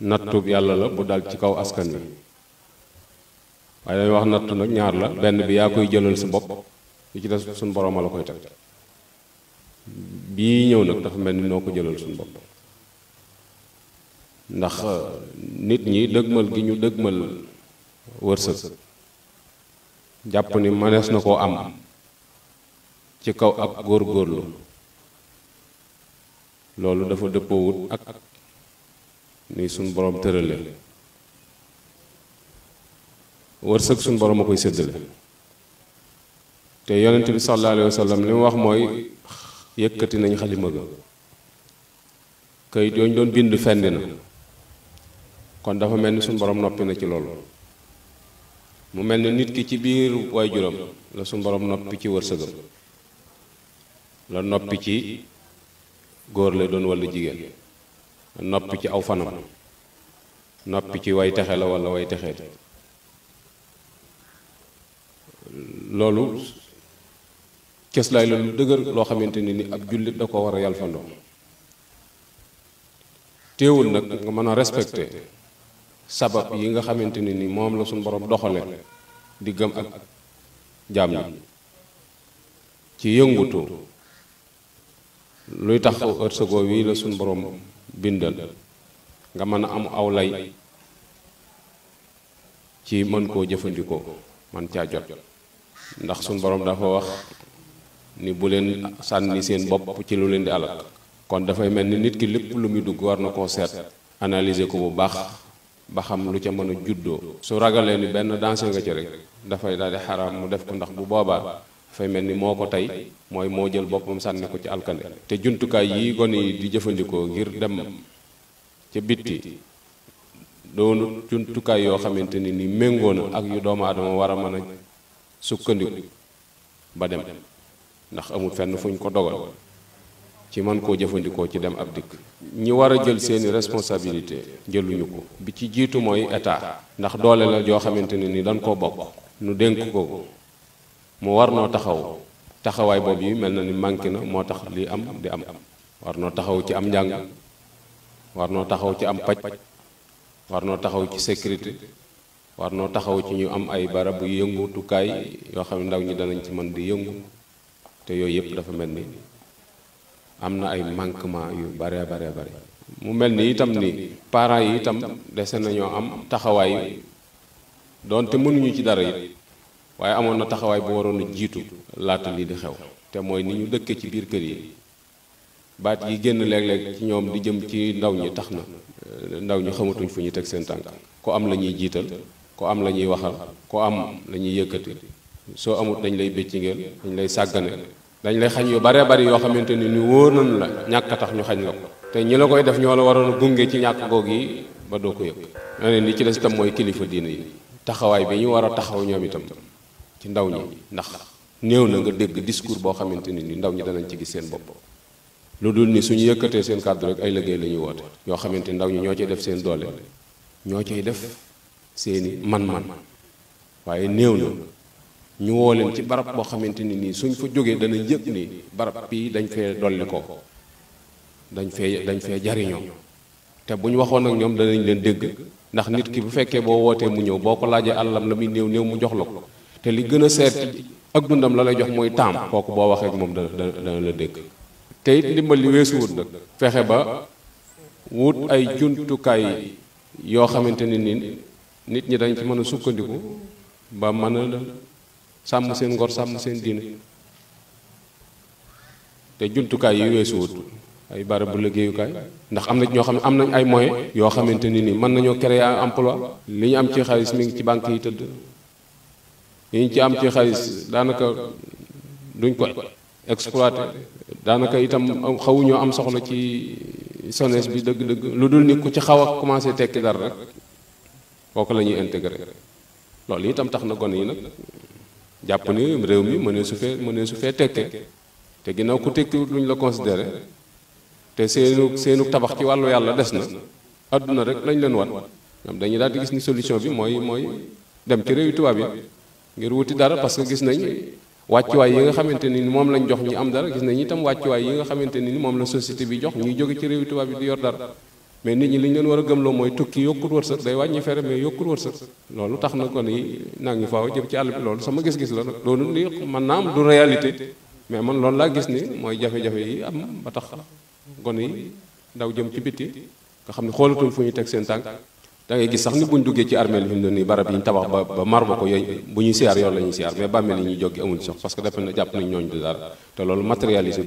nattub yàlla la bu dal ci kaw askan wi waaye dañuy wax nattu nag ñaar la benn bi yaa koy jëlal sa bopp li ci des suñ borooma la koy teg bii ñëw nag dafa mel ni noo ko jëlal suñ bopp ndax nit ñi dëgmal gi ñu dëgmal wërsëg jàpp ni manees na koo am ci kaw ak góor góorlu loolu dafa dëppoowut ak ni suñ borom tërale wërsëg suñ borom a koy séddale te yonent bi sallallahu alayhi wa li mu wax mooy yëkkati nañu xalima ga kayit yooyu doon bind fenn na kon dafa mel ni suñ boroom noppi na ci loolu mu mel ni nit ki ci biir juróom la suñ borom noppi ci wërsëgam la noppi ci góor lay doon walla jigéen noppi ci aw fanam noppi ci way texe la wala way texe loolu cëslaay la lu dëgër loo xamante ne ni ab jullit da ko war a yalfandoo téewul nag nga mën a respecté sabab yi nga xamante ne ni moom la suñu borom doxale di gëm ak jaam ñi ci yëngutu luy tax ërsëgoo wi la suñu borom bindal nga mën a am aw lay ci mën koo jëfandikoo man caa jot ndax suñ borom dafa wax ni bu leen sànni seen bopp ci lu leen di alal kon dafay mel ni nit ki lépp lu muy dugg war na koo seet analyser ko bu baax ba xam lu ca mën a juddoo su ragalee ni benn danger nga ci dafay daal di mu def ko ndax bu boobaa dafay mel ni moo ko tey mooy moo jël boppam sànni ko ci alkande te jumtukaay yi gone yi di jëfandikoo ngir dem ca bitti doonu jumtukaay yoo xamante ni ni méngoo na ak yu doomu aadama war a mën a sukkandiku ba dem ndax amul fenn fu ñu ko dogal ci mën koo jëfandikoo ci dem ab dikk ñi war a jël seeni responsabilité jëluñu ko bi ci jiitu mooy état ndax doole la joo xamante ne ni dañ koo bokk nu dénk ko mu war noo taxaw taxawaay boobu yi mel na ni manqué na moo tax lii am di am war noo taxaw ci am njàng war noo taxaw ci am paj war noo taxaw ci sécurité war noo taxaw ci ñu am ay barabu yëngutukaay yoo xam ndaw ñi danañ ci mën di yëngu te yooyu yëpp dafa mel ni am na ay manquement yu bare bare bare mu mel ni itam ni parents yi itam dese nañoo am taxawaay doonte mënuñu ci dara it waaye amoon na taxawaay bu waroon a jiitu laata yi di xew te mooy ni ñu dëkke ci biir kër yi baat yi génn léeg-léeg ci ñoom di jëm ci ndaw ñi tax na ndaw ñi xamatuñ fu ñu teg seen tànk ku am la ñuy jiital ko am la ñuy waxal ku am la ñuy yëkkati soo amut dañ lay béccingeel dañ lay sàggane dañ lay xañ yu baree bari yoo xamante ni ñu wóor nañu la ñàkk a tax ñu xañ la ko te ñi la koy def ñoo la waroon a gunge ci ñàkk goog yi ba doo ko yëg leneen li ci des itam mooy kilifa diine taxawaay bi ñu war a taxaw ñoom itam ci ndaw ñi ndax néew na nga dégg discours boo xamante ni ndaw ñi danañ ci gis seen bopp lu dul ni ñu yëkkatee seen kàddu rek ay liggéey la ñuy woote yoo xamante ni ndaw ñi ñoo cay def seen doole ñoo cay def seeni man-man waaye néew na ñu woo leen ci barab boo xamante ni nii suñ fa jógee danañ yëg nii barab bii dañ fee dolli ko dañ fee dañ fee jariñoo te bu ñu waxoon ak ñoom danañ leen dégg ndax nit ki bu fekkee boo wootee mu ñëw boo ko laajee àllam la muy néew néew mu jox la te li gën a seet ak dundam la lay jox mooy taam kooku boo waxee ak moom dana dana la dégg te it ndimbal li wut nag fexe ba wut ay jumtukaay yoo xamante ni ni nit ñi dañ ci mën a sukkandiku ba mën a sàmm seen ngor sàmm seen diine te jumtukaay yi weesuwut ay barabu liggéeyukaay ndax am na ñoo xam ne am nañ ay moyens yoo xamante ni nii mën nañoo créer emploi li ñu am ci xaalis mi ngi ci bànk yi tëdd yiñ ci am ci xaalis daanaka duñ ko exploité daanaka itam xawuñoo am soxla ci SONES bi dëgg-dëgg lu dul ni ku ci xaw a commencé tekki dara rek kooku la ñuy intégré loolu itam tax na gone yi nag jàpp ni réew mi mënee su fee mënee su fee tekkee te ginnaaw ku tekki luñ la considéré te seenu seenu tabax ci wàllu yàlla des na àdduna rek lañ leen wat ñoom dañuy daal di gis ni solution bi mooy mooy dem ci réewi tubaab yi ngir wuti dara parce que gis nañ wàccuwaay yi nga xamante ni moom lañ jox ñi am dara gis nañ itam wàccuwaay yi nga xamante ni moom la société bi jox ñuy jóge ci réew tubaab bi di yor dara mais nit ñi li ñu leen war a gëmloo mooy tukki yokkut wërsëg day wàññi fere mais yokkut wërsëg loolu tax na ko ni naa ngi faaw jëm ci àll bi loolu sama gis-gis la loolu ni man naa am du réalité mais man loolu laa gis ni mooy jafe-jafe yi am ba tax gone yi ndaw jëm ci bitti nga xam ne xoolatuñ fu ñuy teg seen tànk da ngay gis sax ni buñ duggee ci armée li fi mu ne nii barab yi ñu tabax ba ba marma ko yooyu bu ñuy siyaar yoon la ñuy siyaar mais bàmmeel yi ñuy jóge amul sax parce que dafa na jàpp nañ ñooñu du dara te loolu matérialisé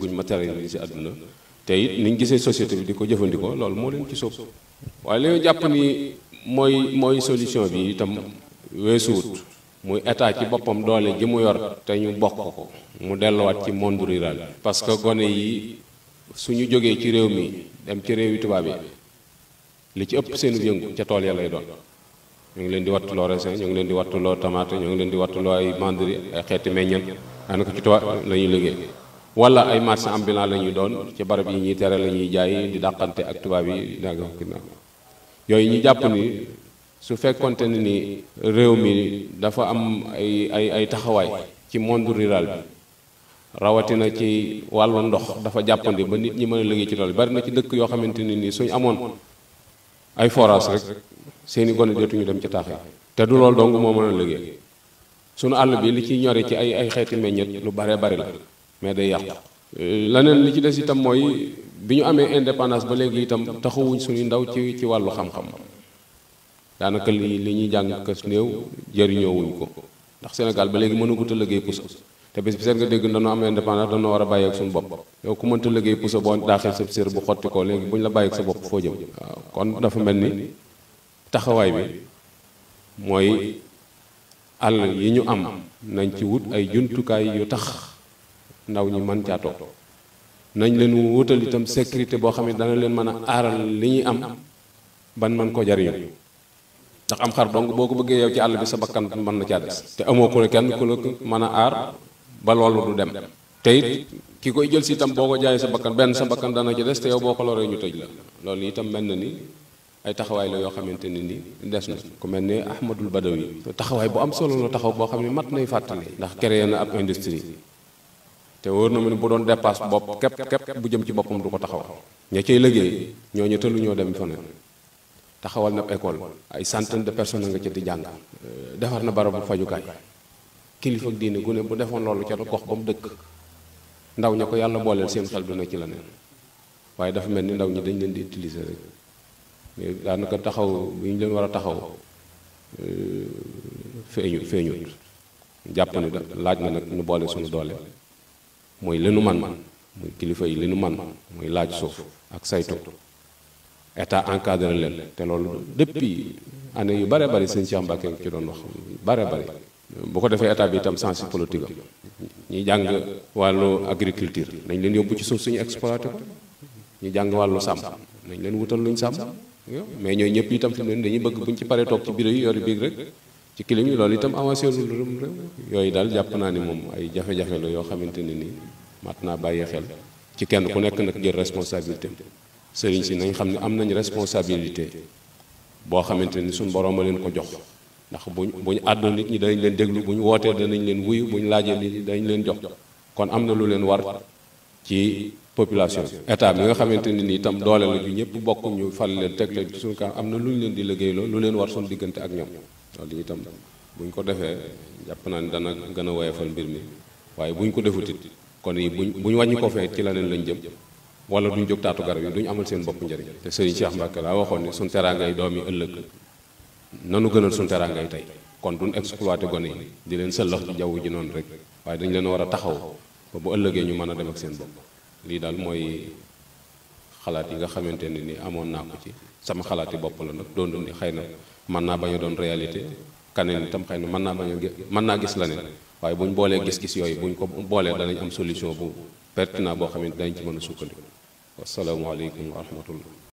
gisee société di ko jëfandikoo loolu moo leen ci sóob waaye li ñu jàpp ni mooy mooy solution bi itam weesuwut muy état ci boppam doole ji mu yor te ñu bokk ko mu delluwaat ci monde rural parce que gone yi suñu jógee ci réew mi dem ci réew yi tubaab yi li ci ëpp seen yëngu ca tool ya lay doon ñu ngi leen di wattuloo raisin ñu ngi leen di wattuloo tomate ñu ngi leen di wattuloo ay mandri ay xeeti meññeent daanaka ci tool la ñuy liggéey wala ay am ambulant la ñuy doon ci barab yi ñuy tere la ñuy jaay di dàqante ak tubaab yi nanga ginnaaw yooyu ñu jàpp su fekkonte ne ni réew mi dafa am ay ay ay taxawaay ci monde rural bi rawatina ci wàllu ndox dafa jàppandi ba nit ñi mën a liggéey ci tool bari na ci dëkk yoo xamante ne nii suñ amoon ay forage rek seeni gone ñu dem ci taax yi te du loolu dong moo mën a liggéey sunu àll bi li ciy ñore ci ay ay xeeti meññet lu baree bari la mais day yàqu leneen li ci des itam mooy bi ñu amee indépendance ba léegi itam taxawuñ suñu ndaw ci ci wàllu xam-xam daanaka li li ñuy jàng kas néew jëriñoowuñ ko ndax Sénégal ba léegi mënagut a liggéey puso te bis bi seet nga dégg dañoo am indépendance dañoo war a bàyyi ak suñu bopp yow ku mënta liggéey puso boo daaxee sa sër bu xotti ko léegi bu ñu la bàyyi ak sa bopp foo jëm waaw kon dafa mel ni taxawaay bi mooy àll yi ñu am nañ ci wut ay jumtukaay yu tax ndaw ñi mën caa toog nañ leen wutal itam sécurité boo xam ne dana leen mën a aaral li ñuy am ban mën ko jariñu ndax am xar donc boo ko bëggee yow ci àll bi sa bakkan mën na caa des te amoo ba loolu du dem te it ki koy jël si itam boo ko jaayee sa bakkan benn sa bakkan dana ci des te yow boo ko loree ñu tëj la loolu itam mel na ni ay taxawaay la yoo xamante ne ni des na ku mel ne Ahmadul Badawi taxawaay bu am solo la taxaw boo xam ne mat nay fàttali ndax créé na ab industrie te wóor na mu ne bu doon dépasse bopp képp képp bu jëm ci boppam du ko taxaw ña cay liggéey ñooñu tëlu ñoo dem feneen taxawal na école ay centaine de personnes nga ci di jàng defar na barabu fajukaay kilifa ak diine gune ne bu defoon loolu ca gox ba mu dëkk ndaw ña ko yàlla booleel seen xel dina ci la neen waaye dafa mel ni ndaw ñi dañ leen di utiliser rek mais daanaka taxaw bi ñu leen war a taxaw euh, feeñu feeñut jàpp ni laaj na nag nu boole suñu doole mooy lenu man muy kilifa yi lenu man muy laaj suuf ak saytu état encadré leen te loolu depuis année yu bare bari sëñ Cheikh Mbacke ci doon wax bare bari bu ko defee état bi itam sens politique am ñi jàng wàllu agriculture nañ leen yóbbu ci suuf suñu exploité ko ñu jàng wàllu sàmm nañ leen wutal luñ sàmm mais ñooñu ñëpp itam fi mu dañuy bëgg ci paree toog ci bureau yi yori biig rek ci kilim yi loolu itam avancé lu rëm rëm yooyu daal jàpp naa ni moom ay jafe la yoo xamante ne ni mat naa bàyyi xel ci kenn ku nekk nag jël responsabilité sëriñ si nañ xam ne am nañ responsabilité boo xamante ni suñ borom a leen ko jox ndax buñ buñ àddoo nit ñi danañ leen déglu buñ wootee danañ leen wuyu buñ laajee nit ñi danañ leen jox kon am na lu leen war ci population état bi nga xamante ne nii itam doole la ñu ñëpp bokk ñu fal leen teg leen ci am na lu ñu leen di liggéey loolu lu leen war suñu diggante ak ñoom loolu itam buñ ko defee jàpp naa ni dana gën a woyofal mbir mi waaye buñ ko defutit kon yi buñ buñ wàññi ko fee ci leneen lañ jëm wala duñ jóg taatu garab yi duñ amal seen bopp njëriñ te sëriñ Cheikh Mbacke laa waxoon ne suñ teraangay doom yi ëllëg nanu gënal suñu teraangay tey kon duñ exploité gone yi di leen sëllax ci jaww ji noonu rek waaye dañ leen war a taxaw ba bu ëllëgee ñu mën a dem ak seen bopp lii daal mooy xalaat yi nga xamante ne ni amoon naa ko ci sama xalaati bopp la nag doon ni xay na mën naa bañ a doon réalité kaneen tam xëy na mën naa bañ a mën naa gis leneen waaye buñ boolee gis-gis yooyu buñ ko boolee danañ am solution bu pertinent boo xam ne dañ ci mën a sukkandiku wasalaamualeykum wa rahmatullah